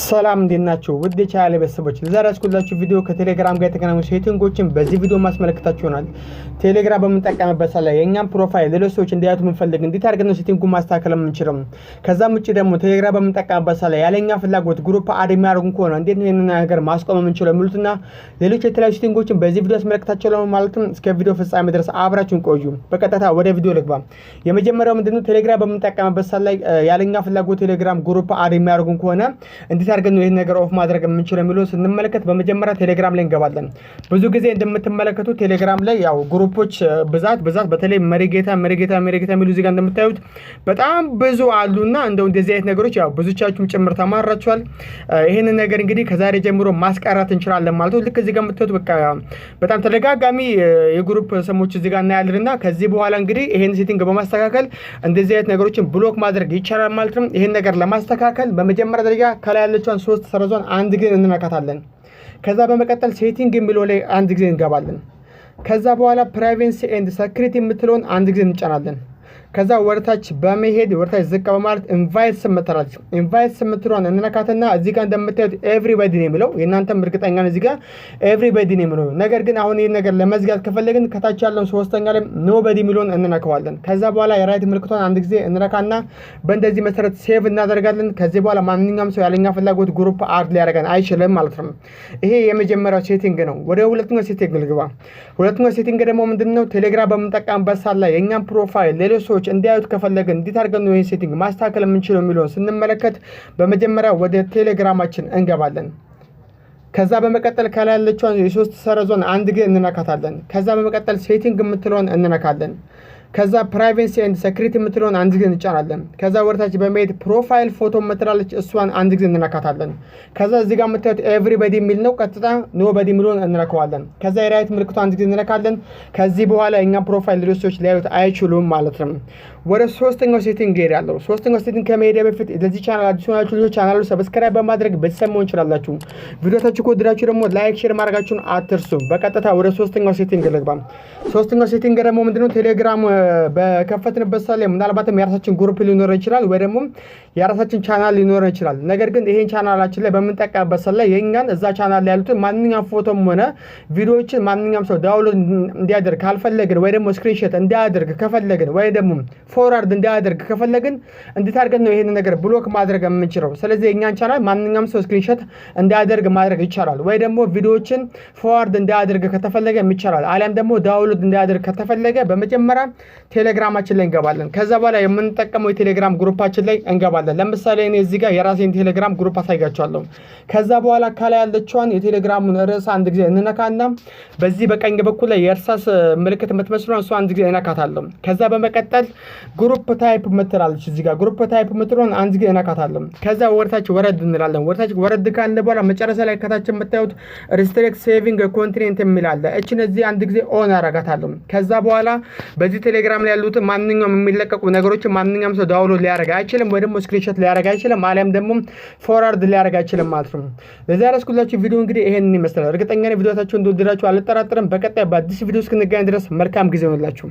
ሰላም እንዴት ናቸው? ውድ የቻናሌ ቤተሰቦች ለዛሬ ያስኩላችሁ ቪዲዮ ከቴሌግራም ጋር የተገናኙ ሴቲንጎችን በዚህ ቪዲዮ ማስመለከታችሁ ይሆናል። ቴሌግራም በምንጠቀምበት ሰዓት ላይ የእኛም ፕሮፋይል ሌሎች ሰዎች እንዲያዩት የምንፈልግ እንዴት አድርገን ነው ሴቲንጉን ማስተካከል የምንችለው? ከዛም ውጭ ደግሞ ቴሌግራም በምንጠቀምበት ሰዓት ላይ ያለኛ ፍላጎት ግሩፕ አድ የሚያደርጉን ከሆነ እንዴት ነው ይህንን ነገር ማስቆም የምንችለው? የሚሉትና ሌሎች የተለያዩ ሴቲንጎችን በዚህ ቪዲዮ ያስመለከታችሁ ማለትም እስከ ቪዲዮ ፍጻሜ ድረስ አብራችሁን ቆዩ። በቀጥታ ወደ ቪዲዮ ልግባ። የመጀመሪያው ምንድነው ቴሌግራም በምንጠቀምበት ሰዓት ላይ ያለኛ ፍላጎት ቴሌግራም ግሩፕ አድ የሚያደርጉን ከሆነ እንዴት አድርገን ነው ይህን ነገር ኦፍ ማድረግ የምንችለው የሚለውን ስንመለከት በመጀመሪያ ቴሌግራም ላይ እንገባለን። ብዙ ጊዜ እንደምትመለከቱት ቴሌግራም ላይ ያው ግሩፖች ብዛት ብዛት በተለይ መሪጌታ መሪጌታ መሪጌታ የሚሉ ዜጋ እንደምታዩት በጣም ብዙ አሉና እንደው እንደዚህ አይነት ነገሮች ያው ብዙቻችሁም ጭምር ተማራችኋል። ይህንን ነገር እንግዲህ ከዛሬ ጀምሮ ማስቀራት እንችላለን ማለት ነው። ልክ ጋር የምታዩት በቃ በጣም ተደጋጋሚ የግሩፕ ስሞች እዚጋ እናያለን እና ከዚህ በኋላ እንግዲህ ይህን ሴቲንግ በማስተካከል እንደዚህ አይነት ነገሮችን ብሎክ ማድረግ ይቻላል ማለት ነው። ይህን ነገር ለማስተካከል በመጀመሪያ ደረጃ ከላይ ያለችዋን ሶስት ሰረዟን አንድ ጊዜ እንመካታለን ከዛ በመቀጠል ሴቲንግ የሚለው ላይ አንድ ጊዜ እንገባለን። ከዛ በኋላ ፕራይቬንሲ ኤንድ ሰክሪቲ የምትለውን አንድ ጊዜ እንጫናለን። ከዛ ወደታች በመሄድ ወደታች ዝቅ በማለት ኢንቫይት ስምትራለች። ኢንቫይት ስምትሯን እንነካትና እዚህ ጋር እንደምታዩት ኤቭሪባዲ ነው የሚለው የእናንተም እርግጠኛ ነው እዚህ ጋር ኤቭሪባዲ ነው የሚለው። ነገር ግን አሁን ይህን ነገር ለመዝጋት ከፈለግን ከታች ያለውን ሶስተኛ ላይ ኖበዲ የሚለውን እንነካዋለን። ከዛ በኋላ የራይት ምልክቷን አንድ ጊዜ እንነካና በእንደዚህ መሰረት ሴቭ እናደርጋለን። ከዚህ በኋላ ማንኛውም ሰው ያለኛ ፍላጎት ግሩፕ አድ ሊያደርገን አይችልም ማለት ነው። ይሄ የመጀመሪያው ሴቲንግ ነው። ወደ ሁለተኛው ሴቲንግ ልግባ። ሁለተኛው ሴቲንግ ደግሞ ምንድን ነው? ቴሌግራም በምንጠቀምበት ሳላ የእኛም ፕሮፋይል ሌሎች ሰዎች ሰዎች እንዲያዩት ከፈለገ እንዴት አድርገን ነው ይህን ሴቲንግ ማስተካከል የምንችለው የሚለውን ስንመለከት በመጀመሪያ ወደ ቴሌግራማችን እንገባለን። ከዛ በመቀጠል ከላይ ያለችውን የሶስት ሰረዞን አንድ ጊዜ እንነካታለን። ከዛ በመቀጠል ሴቲንግ የምትለውን እንነካለን። ከዛ ፕራይቬሲ ኤንድ ሴኩሪቲ የምትለውን አንድ ጊዜ እንጫናለን። ከዛ ወደታች በመሄድ ፕሮፋይል ፎቶ የምትላለች እሷን አንድ ጊዜ እንነካታለን። ከዛ እዚጋ ጋር የምታዩት ኤቭሪበዲ የሚል ነው። ቀጥታ ኖ በዲ የሚለውን እንረከዋለን። ከዛ የራይት ምልክቱ አንድ ጊዜ እንነካለን። ከዚህ በኋላ እኛ ፕሮፋይል ሪሶች ሊያዩት አይችሉም ማለት ነው። ወደ ሶስተኛው ሴቲንግ እሄዳለሁ። ሶስተኛው ሴቲንግ ከመሄድ በፊት ለዚህ ቻናል አዲስ ሆናችሁ ልጆች ቻናሉ ሰብስክራይብ በማድረግ ቤተሰብ መሆን ይችላላችሁ። ቪዲዮታችሁ ከወደዳችሁ ደግሞ ላይክ፣ ሼር ማድረጋችሁን አትርሱ። በቀጥታ ወደ ሶስተኛው ሴቲንግ ልግባ። ሶስተኛው ሴቲንግ ደግሞ ምንድነው ቴሌግራም በከፈትንበት ሳለ ምናልባትም የራሳችን ግሩፕ ሊኖረን ይችላል ወይ ደግሞ የራሳችን ቻናል ሊኖረን ይችላል። ነገር ግን ይሄን ቻናላችን ላይ በምንጠቀምበት ላይ የእኛን እዛ ቻናል ላይ ያሉትን ማንኛውም ፎቶም ሆነ ቪዲዮዎችን ማንኛውም ሰው ዳውንሎድ እንዲያደርግ ካልፈለግን ወይ ደግሞ ስክሪንሾት እንዲያደርግ ከፈለግን ወይ ደግሞ ፎርዋርድ እንዲያደርግ ከፈለግን እንዴት ነው ይሄን ነገር ብሎክ ማድረግ የምንችለው? ስለዚህ የእኛን ቻናል ማንኛውም ሰው ስክሪንሾት እንዲያደርግ ማድረግ ይቻላል ወይ ደግሞ ቪዲዮዎችን ፎርዋርድ እንዲያደርግ ከተፈለገ ይቻላል። አሊያም ደግሞ ዳውንሎድ እንዲያደርግ ከተፈለገ በመጀመሪያ ቴሌግራማችን ላይ እንገባለን። ከዛ በኋላ የምንጠቀመው የቴሌግራም ግሩፓችን ላይ እንገባለን። ለምሳሌ እኔ እዚህ ጋር የራሴን ቴሌግራም ግሩፕ አሳይጋችኋለሁ። ከዛ በኋላ ከላይ ያለችዋን የቴሌግራሙን ርዕስ አንድ ጊዜ እንነካና በዚህ በቀኝ በኩል ላይ የእርሳስ ምልክት የምትመስሉ እሱ አንድ ጊዜ እነካታለሁ። ከዛ በመቀጠል ግሩፕ ታይፕ ምትላለች እዚህ ጋር ግሩፕ ታይፕ ምትለሆን አንድ ጊዜ እነካታለሁ። ከዛ ወደታች ወረድ እንላለን። ወደታች ወረድ ካለ በኋላ መጨረሻ ላይ ከታች የምታዩት ሪስትሪክት ሴቪንግ ኮንቲኔንት የሚላለ እችን እዚህ አንድ ጊዜ ኦን ያረጋታለሁ። ከዛ በኋላ በዚህ ቴሌ ቴሌግራም ላይ ያሉት ማንኛውም የሚለቀቁ ነገሮች ማንኛውም ሰው ዳውንሎድ ሊያደርግ አይችልም፣ ወይ ደግሞ ስክሪንሾት ሊያደርግ አይችልም፣ አሊያም ደግሞ ፎርዋርድ ሊያደርግ አይችልም ማለት ነው። ለዚ ያደረስኩላችሁ ቪዲዮ እንግዲህ ይሄንን ይመስላል። እርግጠኛ ቪዲዮታቸው ቪዲዮታችሁ እንደወደዳችሁ አልጠራጠርም። በቀጣይ በአዲስ ቪዲዮ እስክንገናኝ ድረስ መልካም ጊዜ ሆንላችሁ።